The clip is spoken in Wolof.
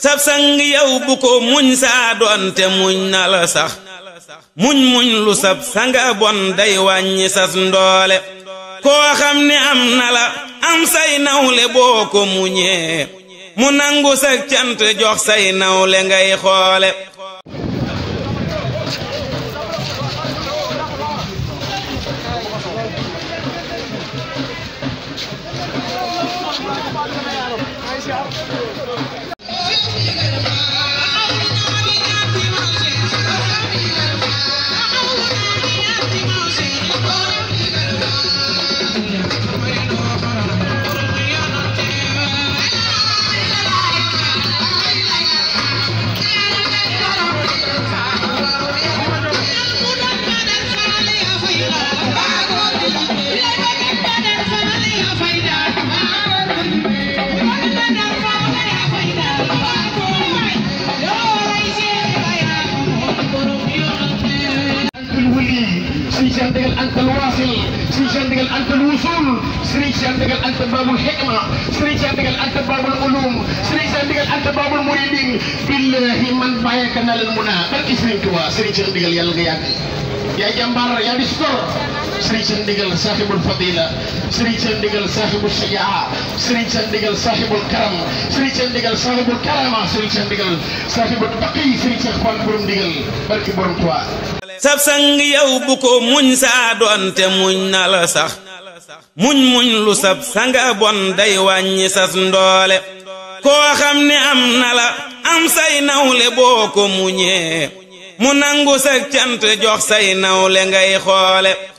sab sang yow bu ko muñ saa doonte muñ na la sax muñ muñ lu sab sanga bon day wàññi sas ndoole koo xam ne am na la am say nawle boo ko muñee mu nangu sa cant jox say nawle ngay xoole Cheikh Ndigal Anta Lwasil Serigne Cheikh Ndigal Anta Lwusul Serigne Cheikh Ndigal Anta Babul Hikma Serigne Cheikh Ndigal Anta Babul Ulum Serigne Cheikh Ndigal Anta Babul Muridin billahi man bàyyeeka na leen mun a barki Serigne Touba Serigne Cheikh Ndigal yàlla nga yàgg yaa jàmbaar yaa di sor sëriñ seen yow bu ko muñ saa doonte nala na la sax muñ muñ lu sab sanga day wàññi sas ndoole koo xam ne am na am say nawle boo ko muñee mu nangu sa cant jox say nawle ngay xoole